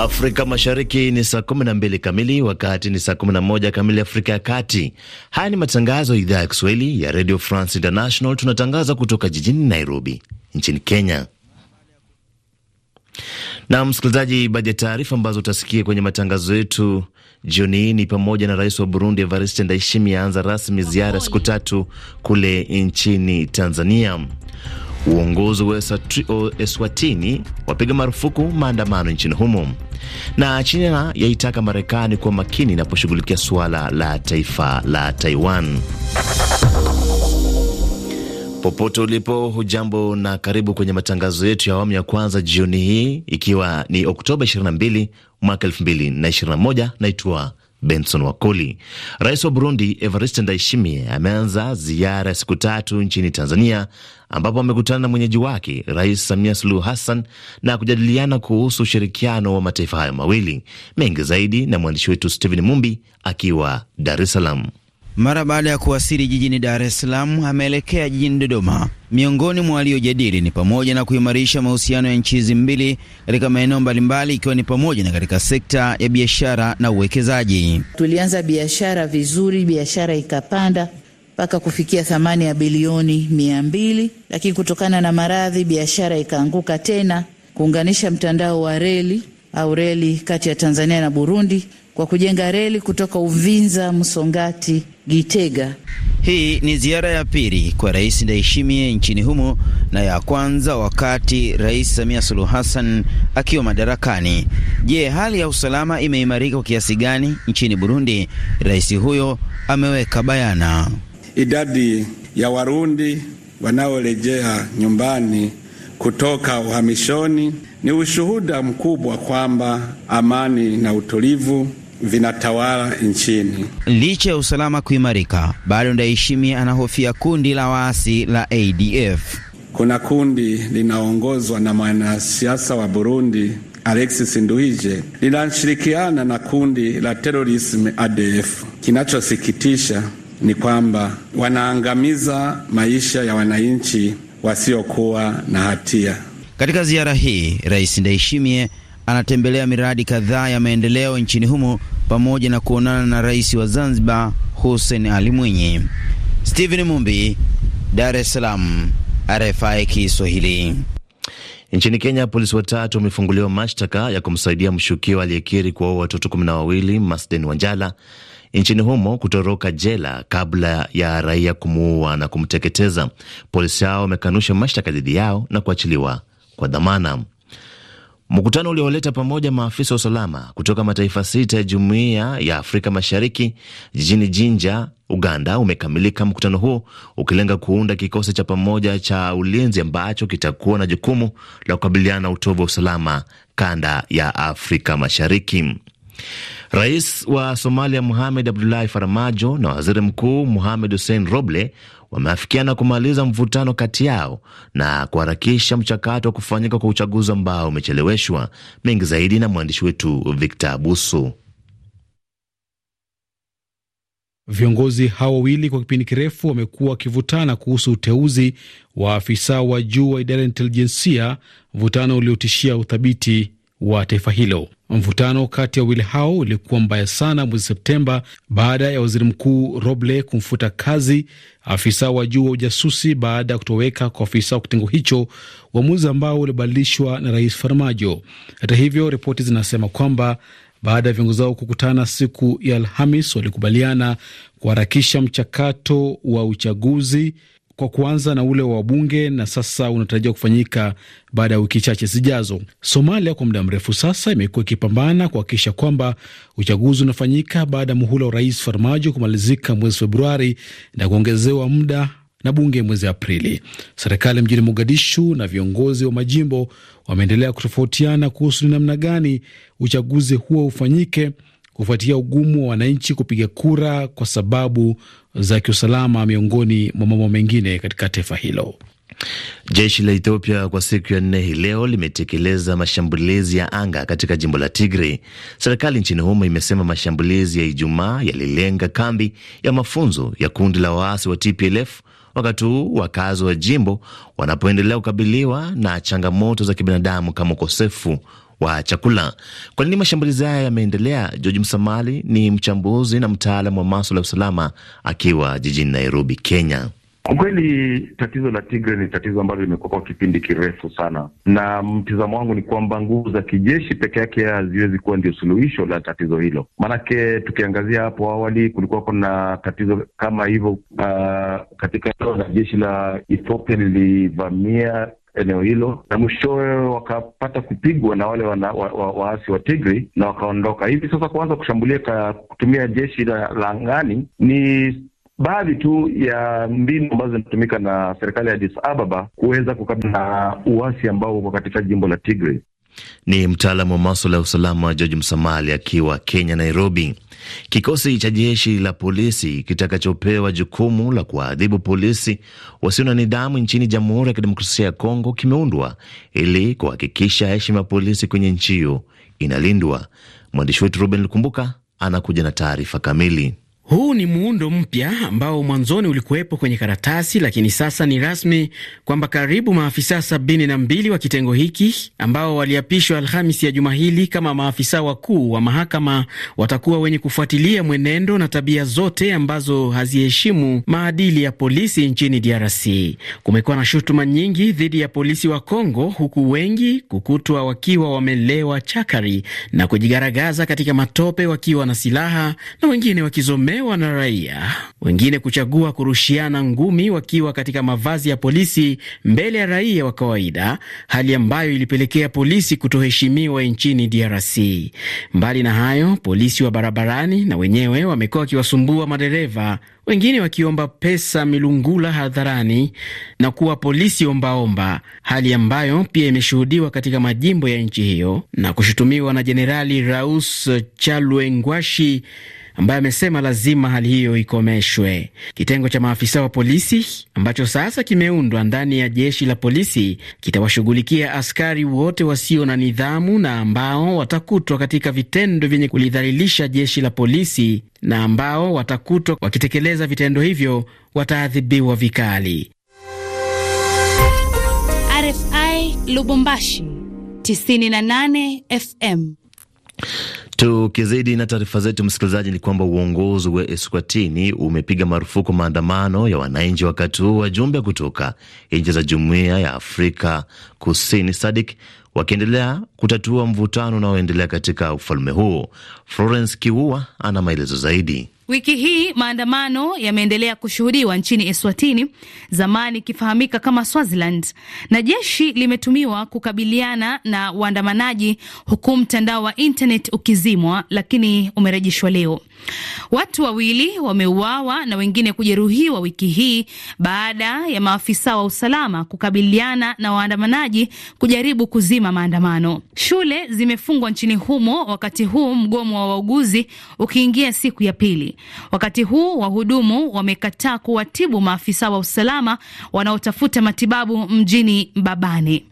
Afrika Mashariki ni saa 12 kamili, wakati ni saa 11 kamili Afrika ya Kati. Haya ni matangazo ya idhaa ya Kiswahili ya Radio France International. Tunatangaza kutoka jijini Nairobi nchini Kenya. Na msikilizaji, baadhi ya taarifa ambazo utasikia kwenye matangazo yetu jioni hii ni pamoja na rais wa Burundi Evariste Ndayishimiye aanza rasmi ziara siku tatu kule nchini Tanzania uongozi wa Eswatini wapiga marufuku maandamano nchini humo, na China yaitaka Marekani kuwa makini inaposhughulikia suala la taifa la Taiwan. Popote ulipo, hujambo na karibu kwenye matangazo yetu ya awamu ya kwanza jioni hii, ikiwa ni Oktoba 22 mwaka 2021. Naitwa Benson Wakoli. Rais wa Burundi Evariste Ndayishimiye ameanza ziara ya siku tatu nchini Tanzania, ambapo amekutana na mwenyeji wake Rais Samia Suluhu Hassan na kujadiliana kuhusu ushirikiano wa mataifa hayo mawili. Mengi zaidi na mwandishi wetu Stephen Mumbi akiwa Dar es Salaam mara baada ya kuwasili jijini Dar es Salaam ameelekea jijini Dodoma. Miongoni mwa waliojadili ni pamoja na kuimarisha mahusiano ya nchi hizi mbili katika maeneo mbalimbali, ikiwa ni pamoja na katika sekta ya biashara na uwekezaji. Tulianza biashara vizuri, biashara ikapanda mpaka kufikia thamani ya bilioni mia mbili, lakini kutokana na maradhi biashara ikaanguka tena. Kuunganisha mtandao wa reli au reli kati ya Tanzania na Burundi kwa kujenga reli kutoka Uvinza Msongati Gitega. Hii ni ziara ya pili kwa Rais Ndayishimiye nchini humo na ya kwanza wakati Rais Samia Suluhu Hassan akiwa madarakani. Je, hali ya usalama imeimarika kwa kiasi gani nchini Burundi? Rais huyo ameweka bayana idadi ya Warundi wanaorejea nyumbani kutoka uhamishoni ni ushuhuda mkubwa kwamba amani na utulivu vinatawala nchini. Licha ya usalama kuimarika, bado Ndayishimiye anahofia kundi la waasi la ADF. Kuna kundi linaongozwa na mwanasiasa wa Burundi Alexis Nduhije linashirikiana na kundi la terorismu ADF. Kinachosikitisha ni kwamba wanaangamiza maisha ya wananchi wasiokuwa na hatia. Katika ziara hii, Rais Ndayishimiye anatembelea miradi kadhaa ya maendeleo nchini humo pamoja na kuonana na rais wa Zanzibar Hussein Ali Mwinyi. Steven Mumbi, Dar es Salaam, RFI Kiswahili. Nchini Kenya, polisi watatu wamefunguliwa mashtaka ya kumsaidia mshukiwa aliyekiri kuwaua watoto kumi na wawili Masden Wanjala nchini humo kutoroka jela kabla ya raia kumuua na kumteketeza. Polisi hao wamekanusha mashtaka dhidi yao na kuachiliwa kwa dhamana. Mkutano ulioleta pamoja maafisa wa usalama kutoka mataifa sita ya jumuiya ya Afrika Mashariki jijini Jinja, Uganda umekamilika. Mkutano huo ukilenga kuunda kikosi cha pamoja cha ulinzi ambacho kitakuwa na jukumu la kukabiliana na utovu wa usalama kanda ya Afrika Mashariki. Rais wa Somalia Mohamed Abdullahi Farmajo na waziri mkuu Mohamed Hussein Roble wameafikiana kumaliza mvutano kati yao na kuharakisha mchakato wa kufanyika kwa uchaguzi ambao umecheleweshwa. Mengi zaidi na mwandishi wetu Victor Abuso. Viongozi hao wawili kwa kipindi kirefu wamekuwa wakivutana kuhusu uteuzi wa afisa wa juu wa idara ya intelijensia, mvutano uliotishia uthabiti wa taifa hilo. Mvutano kati ya wawili hao ulikuwa mbaya sana mwezi Septemba baada ya waziri mkuu Roble kumfuta kazi afisa wa juu wa ujasusi baada ya kutoweka kwa afisa wa kitengo hicho, uamuzi ambao ulibadilishwa na rais Farmajo. Hata hivyo, ripoti zinasema kwamba baada ya viongozi hao kukutana siku ya Alhamis, walikubaliana kuharakisha mchakato wa uchaguzi kwa kuanza na ule wa wabunge na sasa unatarajiwa kufanyika baada ya wiki chache zijazo. Somalia kwa muda mrefu sasa imekuwa ikipambana kuhakikisha kwamba uchaguzi unafanyika baada ya muhula wa Rais Farmajo kumalizika mwezi Februari na kuongezewa muda na bunge mwezi Aprili. Serikali mjini Mogadishu na viongozi wa majimbo wameendelea kutofautiana kuhusu ni namna gani uchaguzi huo ufanyike kufuatia ugumu wa wananchi kupiga kura kwa sababu za kiusalama, miongoni mwa mambo mengine katika taifa hilo. Jeshi la Ethiopia kwa siku ya nne hii leo limetekeleza mashambulizi ya anga katika jimbo la Tigri. Serikali nchini humo imesema mashambulizi ya Ijumaa yalilenga kambi ya mafunzo ya kundi la waasi wa TPLF, wakati huu wakazi wa jimbo wanapoendelea kukabiliwa na changamoto za kibinadamu kama ukosefu wa chakula. Kwa nini mashambulizi haya yameendelea? George Msamali ni mchambuzi na mtaalamu wa maswala ya usalama akiwa jijini Nairobi, Kenya. Kwa kweli tatizo la Tigre ni tatizo ambalo limekuwa kwa kipindi kirefu sana, na mtizamo wangu ni kwamba nguvu za kijeshi peke yake haziwezi kuwa ndio suluhisho la tatizo hilo. Maanake tukiangazia hapo awali, kulikuwa kuna tatizo kama hivyo uh, katika eneo la jeshi la Ethiopia lilivamia eneo hilo na mwishowe wakapata kupigwa na wale wana, wa, wa, waasi wa Tigri na wakaondoka. Hivi sasa kuanza kushambulia ka, kutumia jeshi la, la angani ni baadhi tu ya mbinu ambazo zinatumika na serikali ya Addis Ababa kuweza kukabiliana na uasi ambao uko katika jimbo la Tigray. Ni mtaalamu wa maswala ya usalama George Msamali akiwa Kenya, Nairobi. Kikosi cha jeshi la polisi kitakachopewa jukumu la kuwaadhibu polisi wasio na nidhamu nchini Jamhuri ya Kidemokrasia ya Kongo kimeundwa ili kuhakikisha heshima ya polisi kwenye nchi hiyo inalindwa. Mwandishi wetu Ruben Lukumbuka anakuja na taarifa kamili. Huu ni muundo mpya ambao mwanzoni ulikuwepo kwenye karatasi, lakini sasa ni rasmi kwamba karibu maafisa sabini na mbili wa kitengo hiki ambao waliapishwa Alhamisi ya juma hili kama maafisa wakuu wa mahakama watakuwa wenye kufuatilia mwenendo na tabia zote ambazo haziheshimu maadili ya polisi nchini DRC. Kumekuwa na shutuma nyingi dhidi ya polisi wa Kongo, huku wengi kukutwa wakiwa wamelewa chakari na kujigaragaza katika matope wakiwa na silaha na wengine wakizomea kutolewa na raia, wengine kuchagua kurushiana ngumi wakiwa katika mavazi ya polisi mbele ya raia wa kawaida, hali ambayo ilipelekea polisi kutoheshimiwa nchini DRC. Mbali na hayo, polisi wa barabarani na wenyewe wamekuwa wakiwasumbua madereva, wengine wakiomba pesa milungula hadharani na kuwa polisi ombaomba, hali ambayo pia imeshuhudiwa katika majimbo ya nchi hiyo na kushutumiwa na Jenerali Raus Chalwengwashi ambaye amesema lazima hali hiyo ikomeshwe. Kitengo cha maafisa wa polisi ambacho sasa kimeundwa ndani ya jeshi la polisi kitawashughulikia askari wote wasio na nidhamu na ambao watakutwa katika vitendo vyenye kulidhalilisha jeshi la polisi, na ambao watakutwa wakitekeleza vitendo hivyo wataadhibiwa vikali. RFI Lubumbashi 98 FM Tukizidi na taarifa zetu, msikilizaji, ni kwamba uongozi wa Eswatini umepiga marufuku maandamano ya wananchi, wakati huu wajumbe kutoka nchi za Jumuiya ya Afrika Kusini SADIK wakiendelea kutatua mvutano unaoendelea katika ufalme huo. Florence kiua ana maelezo zaidi. Wiki hii maandamano yameendelea kushuhudiwa nchini Eswatini, zamani ikifahamika kama Swaziland, na jeshi limetumiwa kukabiliana na waandamanaji, huku mtandao wa internet ukizimwa, lakini umerejeshwa leo. Watu wawili wameuawa na wengine kujeruhiwa wiki hii baada ya maafisa wa usalama kukabiliana na waandamanaji kujaribu kuzima maandamano. Shule zimefungwa nchini humo, wakati huu mgomo wa wauguzi ukiingia siku ya pili. Wakati huu wahudumu wamekataa kuwatibu maafisa wa usalama wanaotafuta matibabu mjini Mbabane.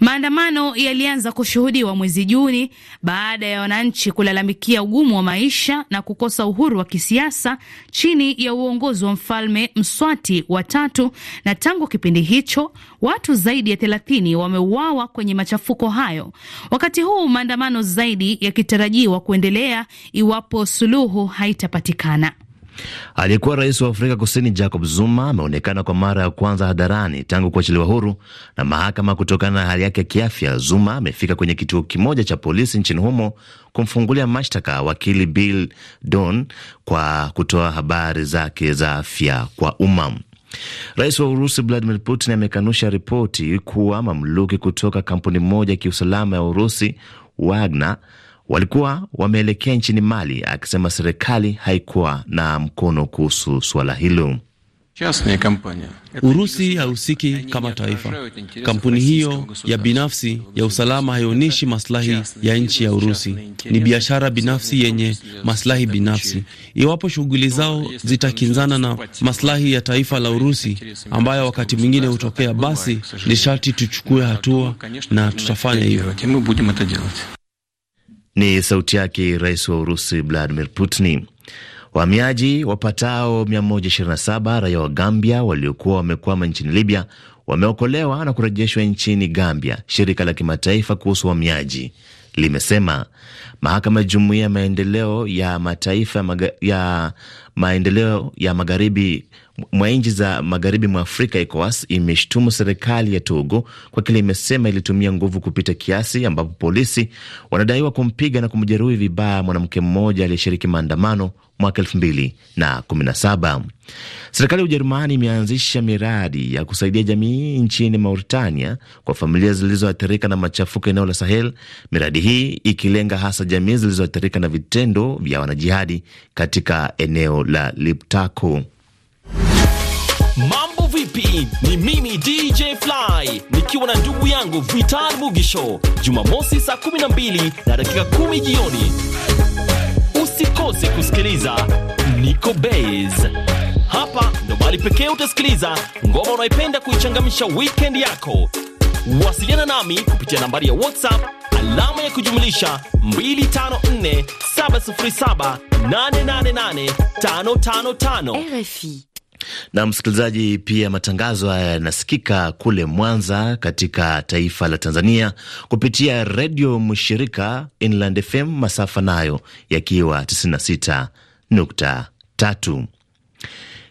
Maandamano yalianza kushuhudiwa mwezi Juni baada ya wananchi kulalamikia ugumu wa maisha na kukosa uhuru wa kisiasa chini ya uongozi wa Mfalme Mswati wa tatu, na tangu kipindi hicho watu zaidi ya 30 wameuawa kwenye machafuko hayo, wakati huu maandamano zaidi yakitarajiwa kuendelea iwapo suluhu haitapatikana. Aliyekuwa rais wa Afrika Kusini Jacob Zuma ameonekana kwa mara ya kwanza hadharani tangu kuachiliwa huru na mahakama kutokana na hali yake ya kiafya. Zuma amefika kwenye kituo kimoja cha polisi nchini humo kumfungulia mashtaka wakili Bill Don kwa kutoa habari zake za afya kwa umma. Rais wa Urusi Vladimir Putin amekanusha ripoti kuwa mamluki kutoka kampuni moja ya kiusalama ya Urusi Wagner walikuwa wameelekea nchini Mali, akisema serikali haikuwa na mkono kuhusu suala hilo. Urusi hahusiki kama taifa. Kampuni hiyo ya binafsi ya usalama haionyeshi maslahi ya nchi ya Urusi. Ni biashara binafsi yenye maslahi binafsi. Iwapo shughuli zao zitakinzana na maslahi ya taifa la Urusi, ambayo wakati mwingine hutokea, basi ni sharti tuchukue hatua na tutafanya hivyo. Ni sauti yake rais wa Urusi Vladimir Putin. Wahamiaji wapatao 127 raia wa Gambia waliokuwa wamekwama nchini Libya wameokolewa na kurejeshwa nchini Gambia, shirika la kimataifa kuhusu uhamiaji limesema. Mahakama ya Jumuiya ya Maendeleo ya Mataifa ya maendeleo ya magharibi mwa nchi za magharibi mwa Afrika, ECOWAS imeshtumu serikali ya Togo kwa kile imesema ilitumia nguvu kupita kiasi, ambapo polisi wanadaiwa kumpiga na kumjeruhi vibaya mwanamke mmoja aliyeshiriki maandamano mwaka elfu mbili na kumi na saba. Serikali ya Ujerumani imeanzisha miradi ya kusaidia jamii nchini Mauritania kwa familia zilizoathirika na machafuko eneo la Sahel, miradi hii ikilenga hasa jamii zilizoathirika na vitendo vya wanajihadi katika eneo la Liptako. Mambo vipi? Ni mimi DJ Fly nikiwa na ndugu yangu Vital Mugisho, Jumamosi saa 12 na dakika 10 jioni, usikose kusikiliza Niko bas Hapa ndo bali pekee utasikiliza ngoma unaipenda kuichangamisha weekend yako. Wasiliana nami kupitia nambari ya WhatsApp alama ya kujumlisha 254 707 8885555 RFI na msikilizaji, pia matangazo haya yanasikika kule Mwanza katika taifa la Tanzania kupitia redio mshirika Inland FM, masafa nayo yakiwa 96.3.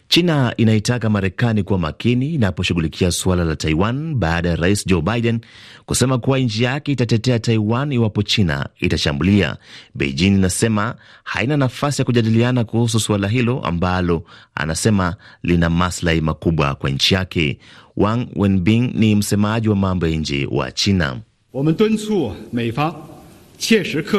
China inaitaka Marekani kuwa makini inaposhughulikia suala la Taiwan baada ya rais Joe Biden kusema kuwa nchi yake itatetea Taiwan iwapo China itashambulia. Beijing inasema haina nafasi ya kujadiliana kuhusu suala hilo ambalo anasema lina maslahi makubwa kwa nchi yake. Wang Wenbing ni msemaji wa mambo ya nje wa China.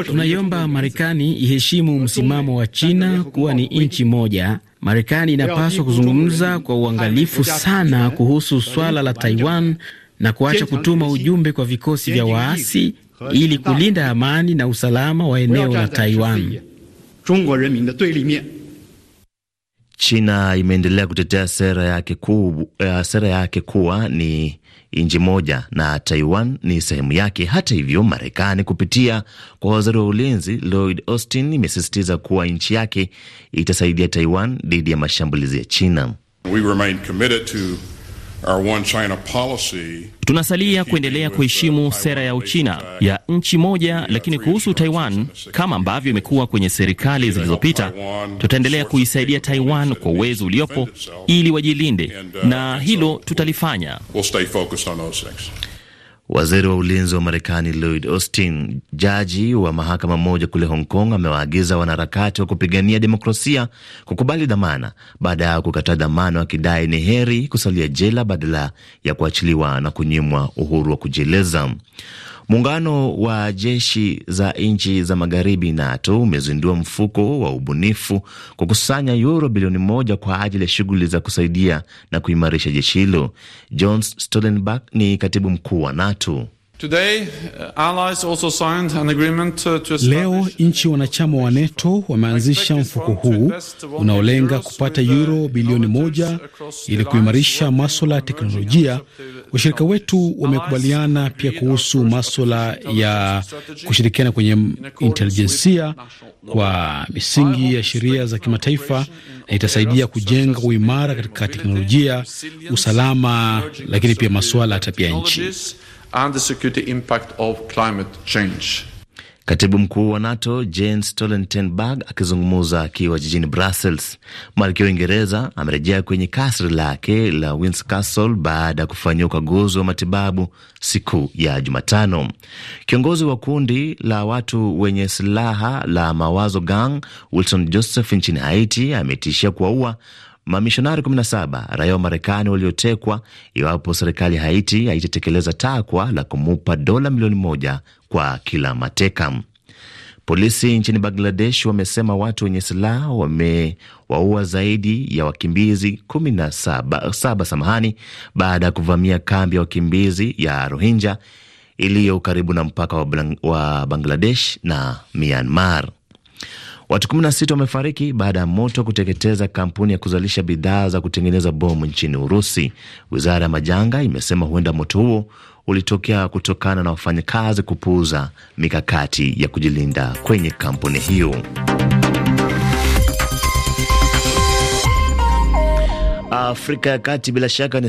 Tunaiomba Marekani iheshimu msimamo wa China kuwa ni nchi moja Marekani inapaswa kuzungumza kwa uangalifu sana kuhusu swala la Taiwan na kuacha kutuma ujumbe kwa vikosi vya waasi ili kulinda amani na usalama wa eneo la Taiwan. China imeendelea kutetea sera yake kubu, eh, sera yake kuwa ni nchi moja na Taiwan ni sehemu yake. Hata hivyo, Marekani kupitia kwa waziri wa ulinzi Lloyd Austin imesisitiza kuwa nchi yake itasaidia Taiwan dhidi ya mashambulizi ya China. We remain committed to Tunasalia kuendelea uh, kuheshimu sera ya Uchina uh, ya nchi moja, lakini kuhusu Taiwan, kama ambavyo imekuwa kwenye serikali zilizopita, tutaendelea kuisaidia Taiwan kwa uwezo uliopo ili wajilinde, uh, na hilo tutalifanya. Waziri wa ulinzi wa Marekani Lloyd Austin. Jaji wa mahakama moja kule Hong Kong amewaagiza wanaharakati wa kupigania demokrasia kukubali dhamana baada ya kukataa dhamana, akidai ni heri kusalia jela badala ya kuachiliwa na kunyimwa uhuru wa kujieleza. Muungano wa jeshi za nchi za magharibi NATO umezindua mfuko wa ubunifu kwa kusanya yuro bilioni moja kwa ajili ya shughuli za kusaidia na kuimarisha jeshi hilo. Jens Stoltenberg ni katibu mkuu wa NATO. Uh, uh, Leo nchi wanachama wa NATO wameanzisha mfuko huu unaolenga kupata uh, uro bilioni moja ili kuimarisha maswala ya teknolojia. Washirika wetu wamekubaliana pia kuhusu maswala ya kushirikiana kwenye intelijensia kwa misingi ya sheria za kimataifa, na itasaidia kujenga uimara katika teknolojia, usalama, lakini pia masuala ya tabia nchi and the security impact of climate change. Katibu mkuu wa NATO Jens Stoltenberg akizungumza akiwa jijini Brussels, malkia wa Uingereza amerejea kwenye kasri lake la Windsor Castle baada ya kufanyia ukaguzi wa matibabu siku ya Jumatano. Kiongozi wa kundi la watu wenye silaha la Mawazo Gang Wilson Joseph nchini Haiti ametishia kuwaua Mamishonari 17 raia wa Marekani waliotekwa iwapo serikali ya Haiti haitatekeleza takwa la kumupa dola milioni moja kwa kila mateka. Polisi nchini Bangladesh wamesema watu wenye silaha wamewaua zaidi ya wakimbizi kumi na saba, saba samahani, baada ya kuvamia kambi ya wakimbizi ya Rohingya iliyo karibu na mpaka wa Bangladesh na Myanmar. Watu 16 wamefariki baada ya moto kuteketeza kampuni ya kuzalisha bidhaa za kutengeneza bomu nchini Urusi. Wizara ya majanga imesema huenda moto huo ulitokea kutokana na wafanyakazi kupuuza mikakati ya kujilinda kwenye kampuni hiyo. Afrika ya Kati bila shaka ni